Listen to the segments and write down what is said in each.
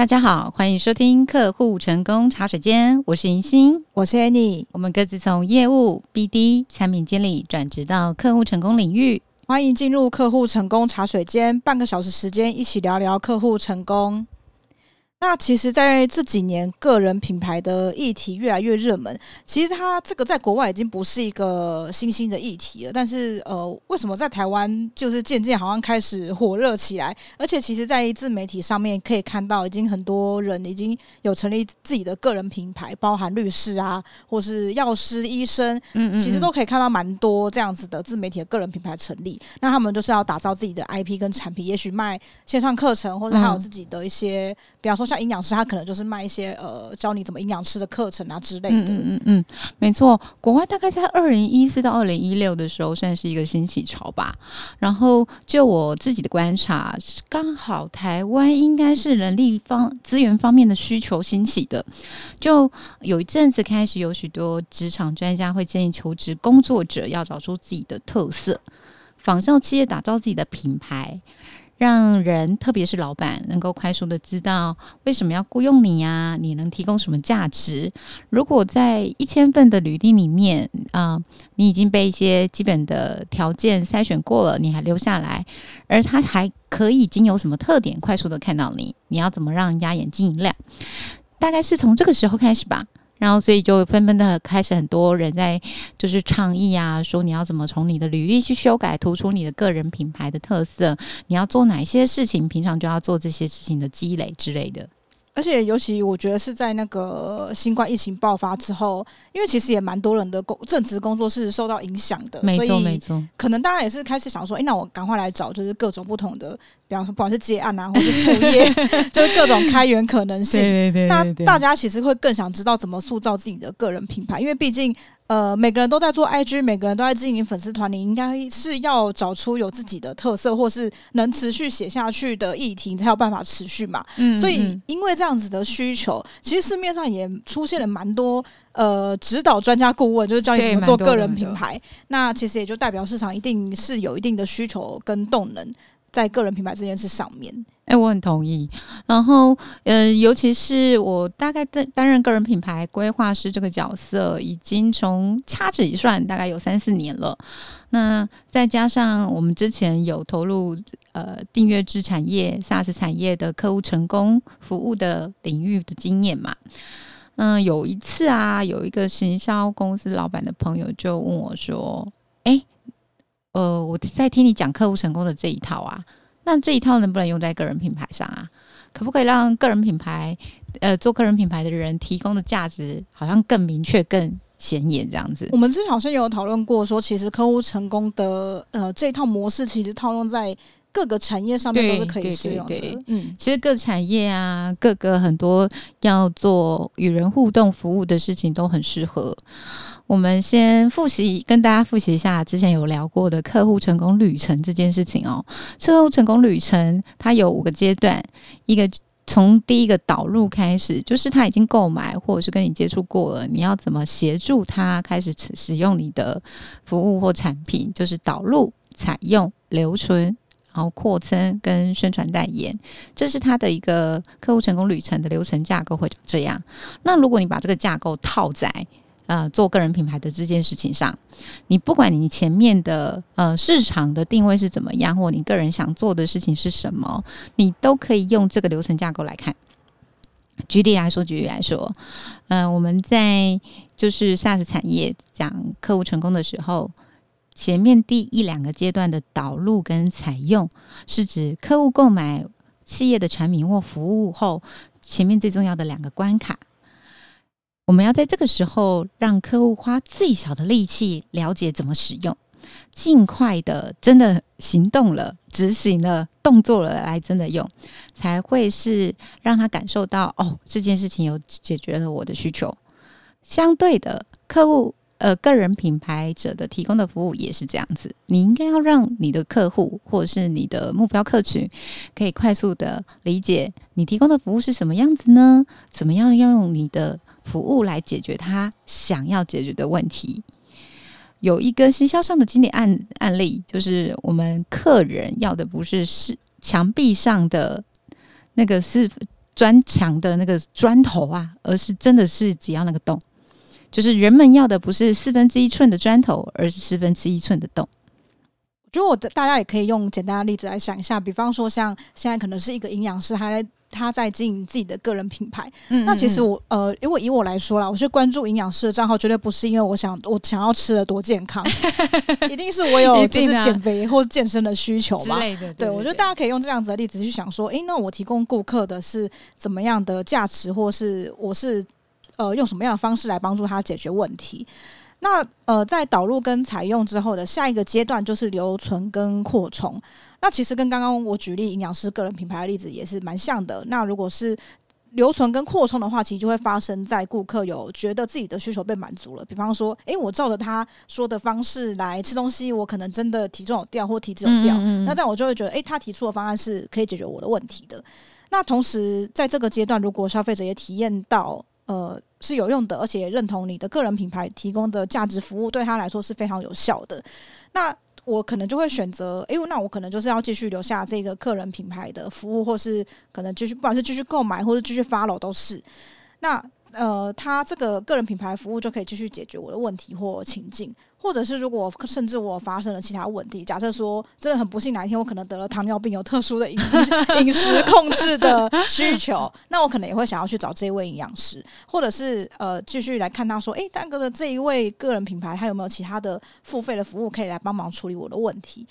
大家好，歡迎收聽客戶成功茶水間。我是銀星，我是 Annie，我們各自從業務、BD、產品經理轉職到客戶成功領域。歡迎進入客戶成功茶水間，半個小時時間一起聊聊客戶成功。那其實，在這幾年，個人品牌的議題越來越熱門。其實，它這個在國外已經不是一個新興的議題了。但是，呃，為什麼在台灣，就是漸漸好像開始火熱起來？而且，其實，在自媒體上面可以看到，已經很多人已經有成立自己的個人品牌，包含律師啊，或是藥師、醫生，嗯，嗯，嗯，其實都可以看到蠻多這樣子的自媒體的個人品牌成立。那他們就是要打造自己的 IP 跟產品，也許賣線上課程，或者還有自己的一些。比方說，像營養師，他可能就是賣一些呃，教你怎麼營養師的課程啊之類的。嗯嗯嗯，沒錯，國外大概在二零一四到二零一六的時候算是一個興起潮吧。然後，就我自己的觀察，剛好台灣應該是人力方資源方面的需求興起的。就有一陣子開始，有許多職場專家會建議求職工作者要找出自己的特色，仿效企業打造自己的品牌。讓人，特別是老闆，能夠快速的知道為什麼要僱傭你呀？你能提供什麼價值？如果在一千份的履歷裡面啊、呃，你已經被一些基本的條件篩選過了，你還留下來，而他還可以經由什麼特點，快速的看到你，你要怎麼讓人家眼睛一亮？大概是從這個時候開始吧。然後，所以就紛紛的開始，很多人在就是倡議啊，說你要怎麼從你的履歷去修改，突出你的個人品牌的特色，你要做哪些事情，平常就要做這些事情的積累之類的。而且，尤其我覺得是在那個新冠疫情爆發之後，因為其實也蠻多人的工，正職工作是受到影響的，沒錯，所以可能大家也是開始想說，哎，那我趕快來找，就是各種不同的，比方說不管是接案啊， 或是副業，就是各種開源可能性。對對對對對，那大家其實會更想知道怎麼塑造自己的個人品牌，因為畢竟。呃，每個人都在做 IG，每個人都在經營粉絲團，你應該是要找出有自己的特色，或是能持續寫下去的議題，你才有辦法持續嘛。嗯、哼所以因為這樣子的需求，其實市面上也出現了蠻多呃指導專家顧問，就是教你怎麼做個人品牌。那其實也就代表市場一定是有一定的需求跟動能在個人品牌這件事上面。哎，我很同意。然後，呃，尤其是我大概在擔任個人品牌規劃師這個角色，已經從掐指一算，大概有三四年了。那再加上我們之前有投入呃訂閱制產業、SaaS 產業的客戶成功服務的領域的經驗嘛，嗯，有一次啊，有一個行銷公司老板的朋友就問我說：“哎，呃，我在聽你講客戶成功的這一套啊。”那這一套能不能用在個人品牌上啊？可不可以讓個人品牌，呃，做個人品牌的人提供的價值好像更明確、更顯眼這樣子？我們之前好像也有討論過，說其實客戶成功的呃這一套模式，其實套用在各個產業上面都是可以使用的。對對對對，嗯，其實各產業啊，各個很多要做與人互動服務的事情都很適合。我們先複習，跟大家複習一下之前有聊過的客戶成功旅程這件事情哦。客戶成功旅程它有五個階段，一個從第一個導入開始，就是他已經購買或者是跟你接觸過了，你要怎麼協助他開始使用你的服務或產品，就是導入、採用、留存。然後擴充跟宣傳代言，這是他的一個客戶成功旅程的流程架構會長這樣。那如果你把這個架構套在呃做個人品牌的這件事情上，你不管你前面的呃市場的定位是怎麼樣，或你個人想做的事情是什麼，你都可以用這個流程架構來看。舉例來說，舉例來說，嗯、呃，我們在就是 SaaS 產業講客戶成功的時候。前面第一兩個階段的導入跟採用，是指客戶購買企業的產品或服務後，前面最重要的兩個關卡，我們要在這個時候讓客戶花最小的力氣了解怎麼使用，盡快的真的行動了、執行了、動作了來真的用，才會是讓他感受到哦，這件事情有解決了我的需求。相對的，客戶。呃，個人品牌者的提供的服務也是這樣子。你應該要讓你的客戶或者是你的目標客群，可以快速的理解你提供的服務是什麼樣子呢？怎麼樣要用你的服務來解決他想要解決的問題？有一個行銷上的經典案案例，就是我們客人要的不是是牆壁上的那個是磚牆的那個磚頭啊，而是真的是只要那個洞。就是人們要的不是四分之一寸的磚頭，而是四分之一寸的洞。我覺得大家也可以用簡單的例子來想一下，比方說像現在可能是一個營養師，他在他在經營自己的個人品牌。嗯嗯嗯，那其實我呃，因為以我來說啦，我去關注營養師的賬號，絕對不是因為我想我想要吃的多健康， 一定是我有就是減肥或健身的需求嘛。 之類的，對，對，對，對，對，我覺得大家可以用這樣子的例子去想說，誒、欸，那我提供顧客的是怎麼樣的價值，或是我是。呃，用什麼樣的方式來幫助他解決問題？那呃，在導入跟採用之後的下一個階段就是留存跟擴充。那其實跟剛剛我舉例營養師個人品牌的例子也是蠻像的。那如果是留存跟擴充的話，其實就會發生在顧客有覺得自己的需求被滿足了。比方說，哎、欸，我照着他說的方式來吃東西，我可能真的體重有掉或體脂有掉。嗯嗯嗯，那這樣我就會覺得，哎、欸，他提出的方案是可以解決我的問題的。那同時在這個階段，如果消費者也體驗到。呃，是有用的，而且認同你的個人品牌提供的價值服務，對他來說是非常有效的。那我可能就會選擇，哎呦，那我可能就是要繼續留下這個個人品牌的服務，或是可能繼續，不管是繼續購買，或是繼續 follow 都是。那呃，他這個個人品牌服務就可以繼續解決我的問題或情境，或者是如果甚至我發生了其他問題，假設說真的很不幸，哪一天我可能得了糖尿病，有特殊的飲飲食控制的需求， 那我可能也會想要去找這一位營養師，或者是呃繼續來看他說，誒，丹哥的這一位個人品牌還有沒有其他的付費的服務可以來幫忙處理我的問題？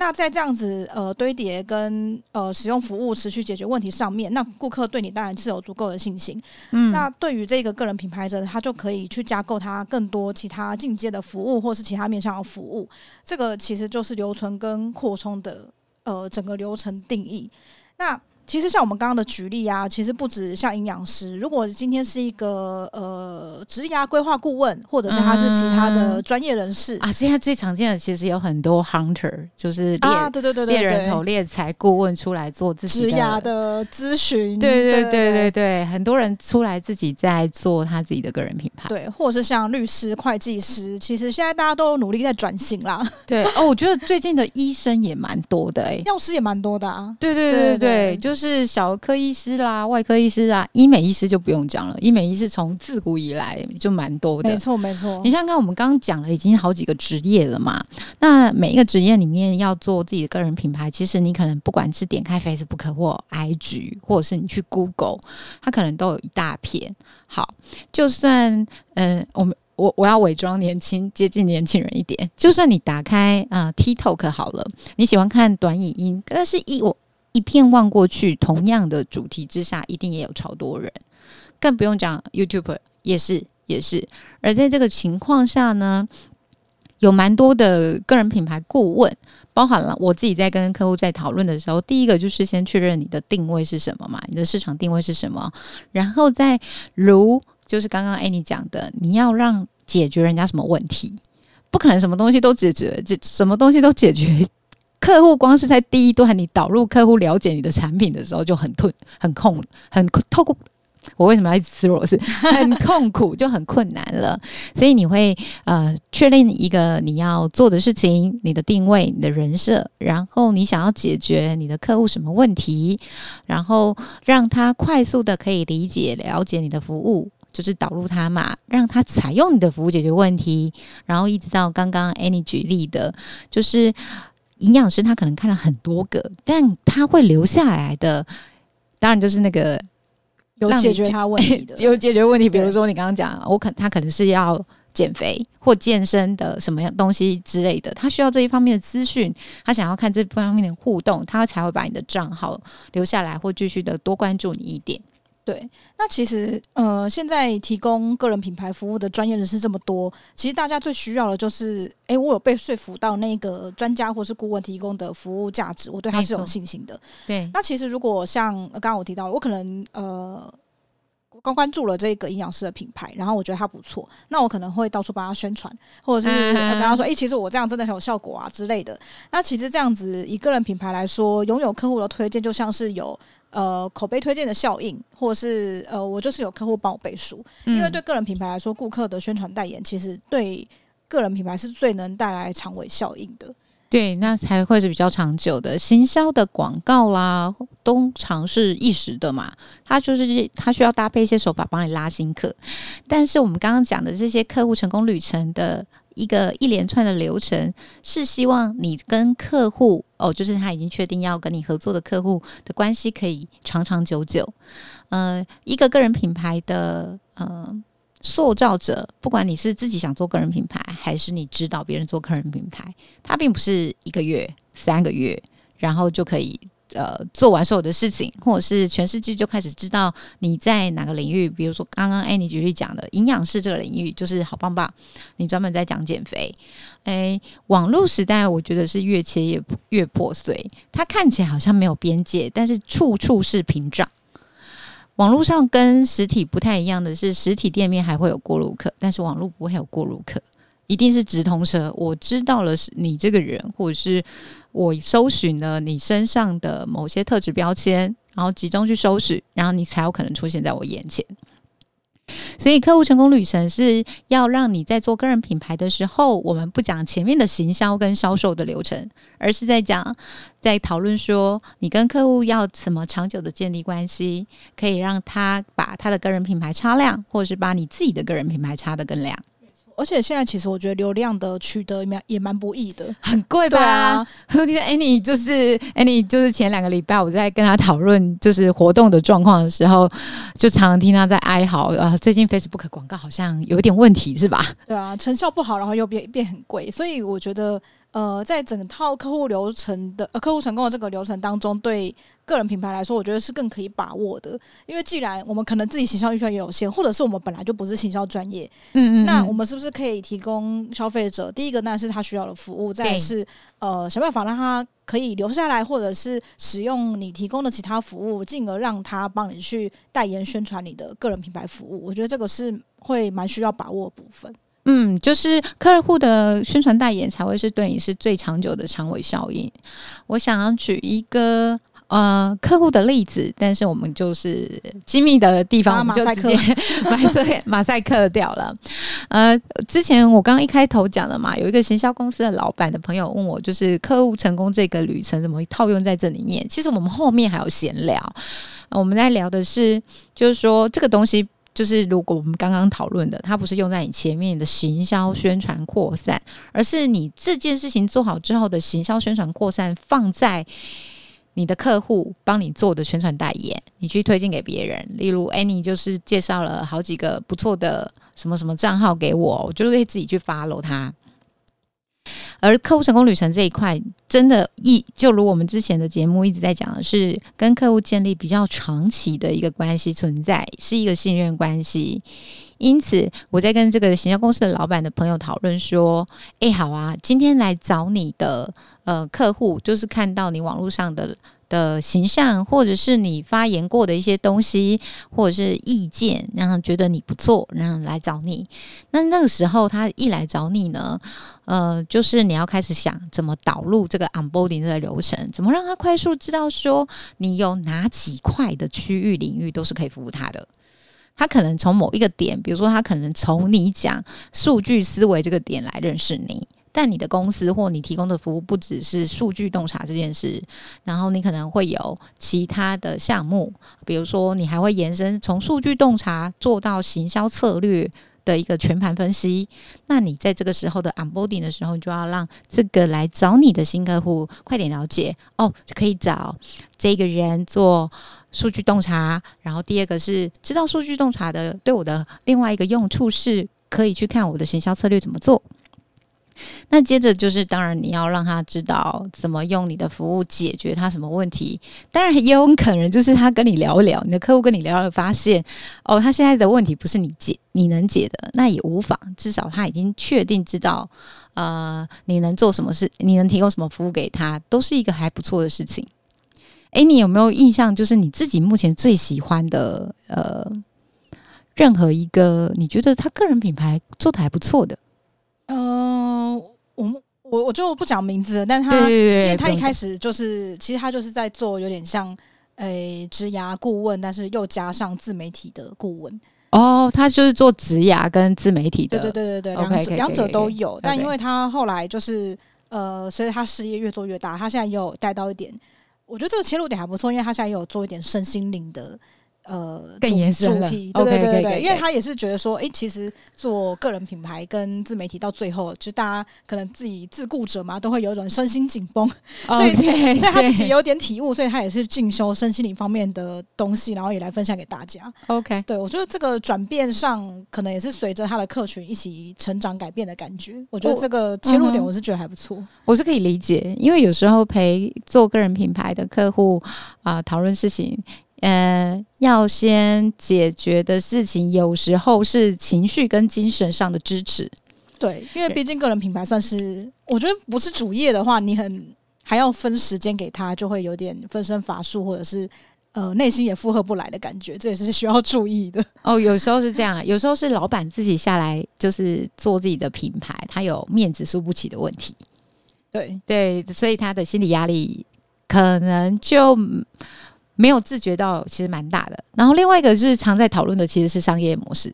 那在這樣子呃堆疊跟呃使用服務持續解決問題上面，那顧客對你當然是有足夠的信心。嗯，那對於這個個人品牌者，他就可以去加購他更多其他進階的服務，或是其他面向的服務。這個其實就是留存跟擴充的呃整個流程定義。那。其實像我們剛剛的舉例啊，其實不止像營養師。如果今天是一個呃職涯規劃顧問，或者是他是其他的專業人士啊，現在最常見的其實有很多 hunter，就是獵人，對獵人頭獵才顧問出來做自己職涯的諮詢。對對對對對，很多人出來自己在做他自己的個人品牌。對，或者是像律師、會計師，其實現在大家都努力在轉型啦。對哦，我覺得最近的醫生也蠻多的哎，藥師也蠻多的。對對對對對，就是。就是小兒科醫師啦，外科醫師啦，醫美醫師就不用講了。醫美醫師從自古以來就蠻多的，沒錯沒錯。你像剛剛我們剛講了已經好幾個職業了嘛，那每一個職業裡面要做自己的個人品牌，其實你可能不管是點開 Facebook 或 IG，或者是你去 Google，它可能都有一大片。好，就算嗯，我們我我要偽裝年輕，接近年輕人一點，就算你打開啊、呃、TikTok 好了，你喜歡看短影音，但是以我。一片望過去，同樣的主題之下，一定也有超多人，更不用講 YouTube 也是也是。而在這個情況下呢，有蠻多的個人品牌顧問，包含了我自己在跟客戶在討論的時候，第一個就是先確認你的定位是什麼嘛，你的市場定位是什麼，然後再如就是剛剛 Annie 講的，你要讓解決人家什麼問題，不可能什麼東西都解決，這什麼東西都解決。客戶光是在第一段你導入客戶了解你的產品的時候，就很痛、很空、很透過我為什麼要一直吃螺絲？很痛苦就很困難了， 所以你會呃確定一個你要做的事情、你的定位、你的人設，然後你想要解決你的客戶什麼問題，然後讓他快速的可以理解了解你的服務，就是導入他嘛，讓他採用你的服務解決問題，然後一直到剛剛 Annie 舉例的就是。營養師他可能看了很多個，但他會留下來的，當然就是那個有解決他問題的， 有解決問題。比如說你剛剛講，我可，他可能是要減肥或健身的什麼樣東西之類的，他需要這一方面的資訊，他想要看這方面的互動，他才會把你的賬號留下來或繼續的多關注你一點。對，那其實呃，現在提供個人品牌服務的專業人士這麼多，其實大家最需要的就是，哎、欸，我有被說服到那個專家或是顧問提供的服務價值，我對他是有信心的。對，那其實如果像剛剛、呃、我提到，我可能呃剛關注了這個營養師的品牌，然後我覺得他不錯，那我可能會到處幫他宣傳，或者是、嗯、跟他說，哎、欸，其實我這樣真的很有效果啊之類的。那其實這樣子以個人品牌來說，擁有客戶的推薦，就像是有。呃，口碑推薦的效應，或者是呃，我就是有客戶幫我背書，嗯。因為對個人品牌來說，顧客的宣傳代言其實對個人品牌是最能帶來長尾效應的。對，那才會是比較長久的。行銷的廣告啦，通常是一時的嘛，它就是它需要搭配一些手法幫你拉新客。但是我們剛剛講的這些客戶成功旅程的一個一連串的流程，是希望你跟客戶。哦，就是他已經確定要跟你合作的客戶的關係可以長長久久，呃，一個個人品牌的呃塑造者，不管你是自己想做個人品牌，還是你指導別人做個人品牌，它並不是一個月、三個月，然後就可以。呃，做完所有的事情，或者是全世界就開始知道你在哪個領域，比如說剛剛 Annie 舉例講的營養師這個領域，就是好棒棒。你專門在講減肥，誒、欸，網絡時代我覺得是越切越越破碎，它看起來好像沒有邊界，但是處處是屏障。網絡上跟實體不太一樣的是，實體店面還會有過路客，但是網絡不會有過路客，一定是直通車。我知道了是你這個人，或者是。我搜尋了你身上的某些特質標籤，然後集中去搜尋，然後你才有可能出現在我眼前。所以，客戶成功旅程是要讓你在做個人品牌的時候，我們不講前面的行銷跟銷售的流程，而是在講，在討論說你跟客戶要怎麼長久的建立關係，可以讓他把他的個人品牌擦亮，或者是把你自己的個人品牌擦得更亮。而且現在其實我覺得流量的取得也也蠻不易的，很貴吧？對啊。我覺得 Annie 就是，Annie 就是前兩個禮拜我在跟他討論就是活動的狀況的時候，就常常聽他在哀嚎啊，最近 Facebook 廣告好像有點問題，是吧？對啊，成效不好，然後又變變很貴，所以我覺得。呃，在整套客戶流程的呃客戶成功的這個流程當中，對個人品牌來說，我覺得是更可以把握的。因為既然我們可能自己行銷預算也有限，或者是我們本來就不是行銷專業，嗯，嗯，嗯，那我們是不是可以提供消費者？第一個那是他需要的服務，再是呃想辦法讓他可以留下來，或者是使用你提供的其他服務，進而讓他幫你去代言宣傳你的個人品牌服務。我覺得這個是會蠻需要把握的部分。嗯，就是客戶的宣傳代言才會是對你是最長久的長尾效應。我想要舉一個呃客戶的例子，但是我們就是機密的地方，啊、我們就直接馬賽賽克 馬賽克掉了。呃，之前我剛剛一開頭講了嘛，有一個行銷公司的老板的朋友問我，就是客戶成功這個旅程怎麼會套用在這裡面？其實我們後面還有閒聊、呃，我們在聊的是，就是說這個東西。就是如果我們剛剛討論的，它不是用在你前面的行銷宣傳擴散，而是你這件事情做好之後的行銷宣傳擴散，放在你的客戶幫你做的宣傳代言，你去推薦給別人。例如，Annie 就是介紹了好幾個不錯的什麼什麼賬號給我，我就會自己去 follow 他。而客戶成功旅程這一塊，真的一就如我們之前的節目一直在講的是，是跟客戶建立比較長期的一個關係存在，是一個信任關係。因此，我在跟這個行銷公司的老板的朋友討論說：“哎，欸，好啊，今天來找你的呃客戶，就是看到你網絡上的。”的形象，或者是你發言過的一些東西，或者是意見，讓他覺得你不錯，然後來找你。那那個時候，他一來找你呢，呃，就是你要開始想怎麼導入這個 onboarding 的流程，怎麼讓他快速知道說你有哪幾塊的區域領域都是可以服務他的。他可能從某一個點，比如說他可能從你講數據思維這個點來認識你。但你的公司或你提供的服務不只是數據洞察這件事，然後你可能會有其他的項目，比如說你還會延伸從數據洞察做到行銷策略的一個全盤分析。那你在這個時候的 onboarding 的時候，就要讓這個來找你的新客戶快點了解，哦，就可以找這個人做數據洞察。然後第二個是知道數據洞察的對我的另外一個用處是，可以去看我的行銷策略怎麼做。那接着就是，當然你要讓他知道怎麼用你的服務解決他什麼問題。當然，也很可能就是他跟你聊一聊，你的客戶跟你聊聊，發現哦，他現在的問題不是你解你能解的，那也無妨。至少他已經確定知道，呃，你能做什麼事，你能提供什麼服務給他，都是一個還不錯的事情。誒，你有沒有印象？就是你自己目前最喜歡的呃，任何一個你覺得他個人品牌做得還不錯的？我我我就不講名字，但他，對對對因為他一開始就是，其實他就是在做有點像，誒，職涯顧問，但是又加上自媒體的顧問。哦，他就是做職涯跟自媒體的，對對對對對，兩兩者都有。okay 但因為他後來就是，呃，隨著他事業越做越大，他現在又帶到一點，我覺得這個切入點還不錯，因為他現在也有做一點身心靈的。呃，更嚴肅的，對對對對，okay, okay, okay，因為他也是覺得說，哎、欸，其實做個人品牌跟自媒體到最後，其實大家可能自己自顧者嘛，都會有一種身心緊繃，所以在他自己有點體悟，所以他也是進修身心靈方面的東西，然後也來分享給大家。OK，對我覺得這個轉變上，可能也是隨着他的客群一起成長改變的感覺。我覺得這個切入點，我是覺得還不錯、嗯，我是可以理解，因為有時候陪做個人品牌的客戶啊，討論事情。呃，要先解決的事情，有時候是情緒跟精神上的支持。對，因為畢竟個人品牌算是，對我覺得不是主業的話，你很還要分時間給他，就會有點分身乏術，或者是呃內心也負荷不來的感覺，這也是需要注意的。哦，有時候是這樣啊，有時候是老板自己下來就是做自己的品牌，他有面子輸不起的問題。對對，所以他的心理壓力可能就。嗯沒有自覺到，其實蠻大的。然後另外一個就是常在討論的，其實是商業模式。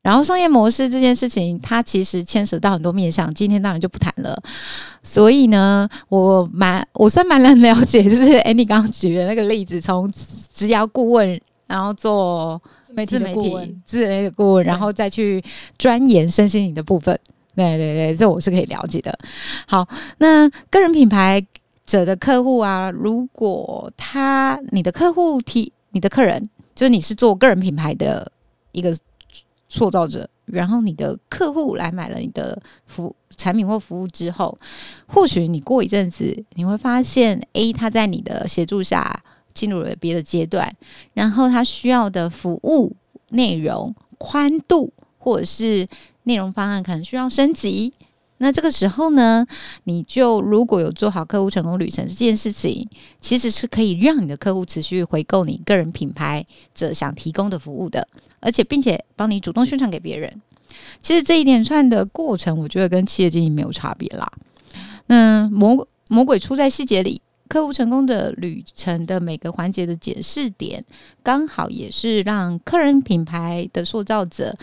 然後商業模式這件事情，它其實牽涉到很多面向，今天當然就不談了。是所以呢，我蠻我算蠻能了解，就是 Andy 剛剛舉的那個例子，從職業顧問，然後做自媒體，自媒體顧問，自媒體顧問，對然後再去鑽研身心靈的部分。對對對，這我是可以了解的。好，那個人品牌。者的客戶啊，如果他，你的客戶提，你的客人，就是你是做個人品牌的一個創造者，然後你的客戶來買了你的服產品或服務之後，或許你過一陣子你會發現 A 他在你的協助下進入了別的階段，然後他需要的服務內容寬度或者是內容方案可能需要升級。那這個時候呢，你就如果有做好客戶成功旅程這件事情，其實是可以讓你的客戶持續回購你個人品牌者想提供的服務的，而且並且幫你主動宣傳給別人。其實這一連串的過程，我覺得跟企業經營沒有差別啦。那魔魔鬼出在細節裡，客戶成功的旅程的每個環節的解釋點，剛好也是讓個人品牌的塑造者，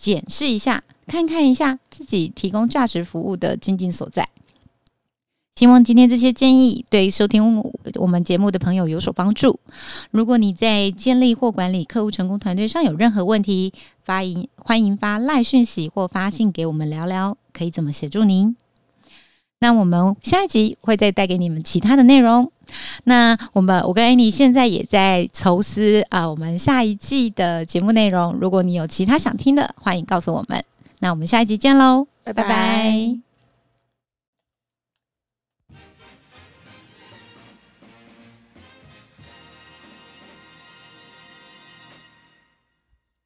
檢視一下，看看一下自己提供價值服務的精進所在。希望今天這些建議對收聽我們節目的朋友有所幫助。如果你在建立或管理客戶成功團隊上有任何問題，歡迎歡迎發賴訊息或發信給我們聊聊，可以怎麼協助您。那我們下一集會再帶給你們其他的內容。那我們，我跟安妮現在也在籌思啊，我們下一季的節目內容。如果你有其他想聽的，歡迎告訴我們。那我們下一集見嘍，拜拜拜。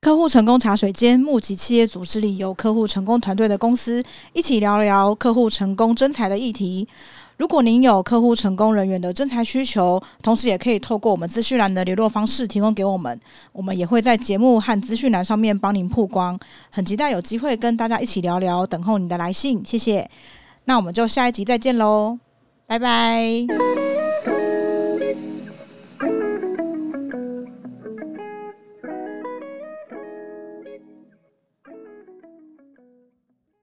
客戶成功茶水間，募集企業組織裡有客戶成功團隊的公司，一起聊聊客戶成功徵才的議題。如果您有客戶成功人員的徵才需求，同時也可以透過我們資訊欄的聯絡方式提供給我們，我們也會在節目和資訊欄上面幫您曝光。很期待有機會跟大家一起聊聊，等候您的來信，謝謝。那我們就下一集再見嘍，拜拜。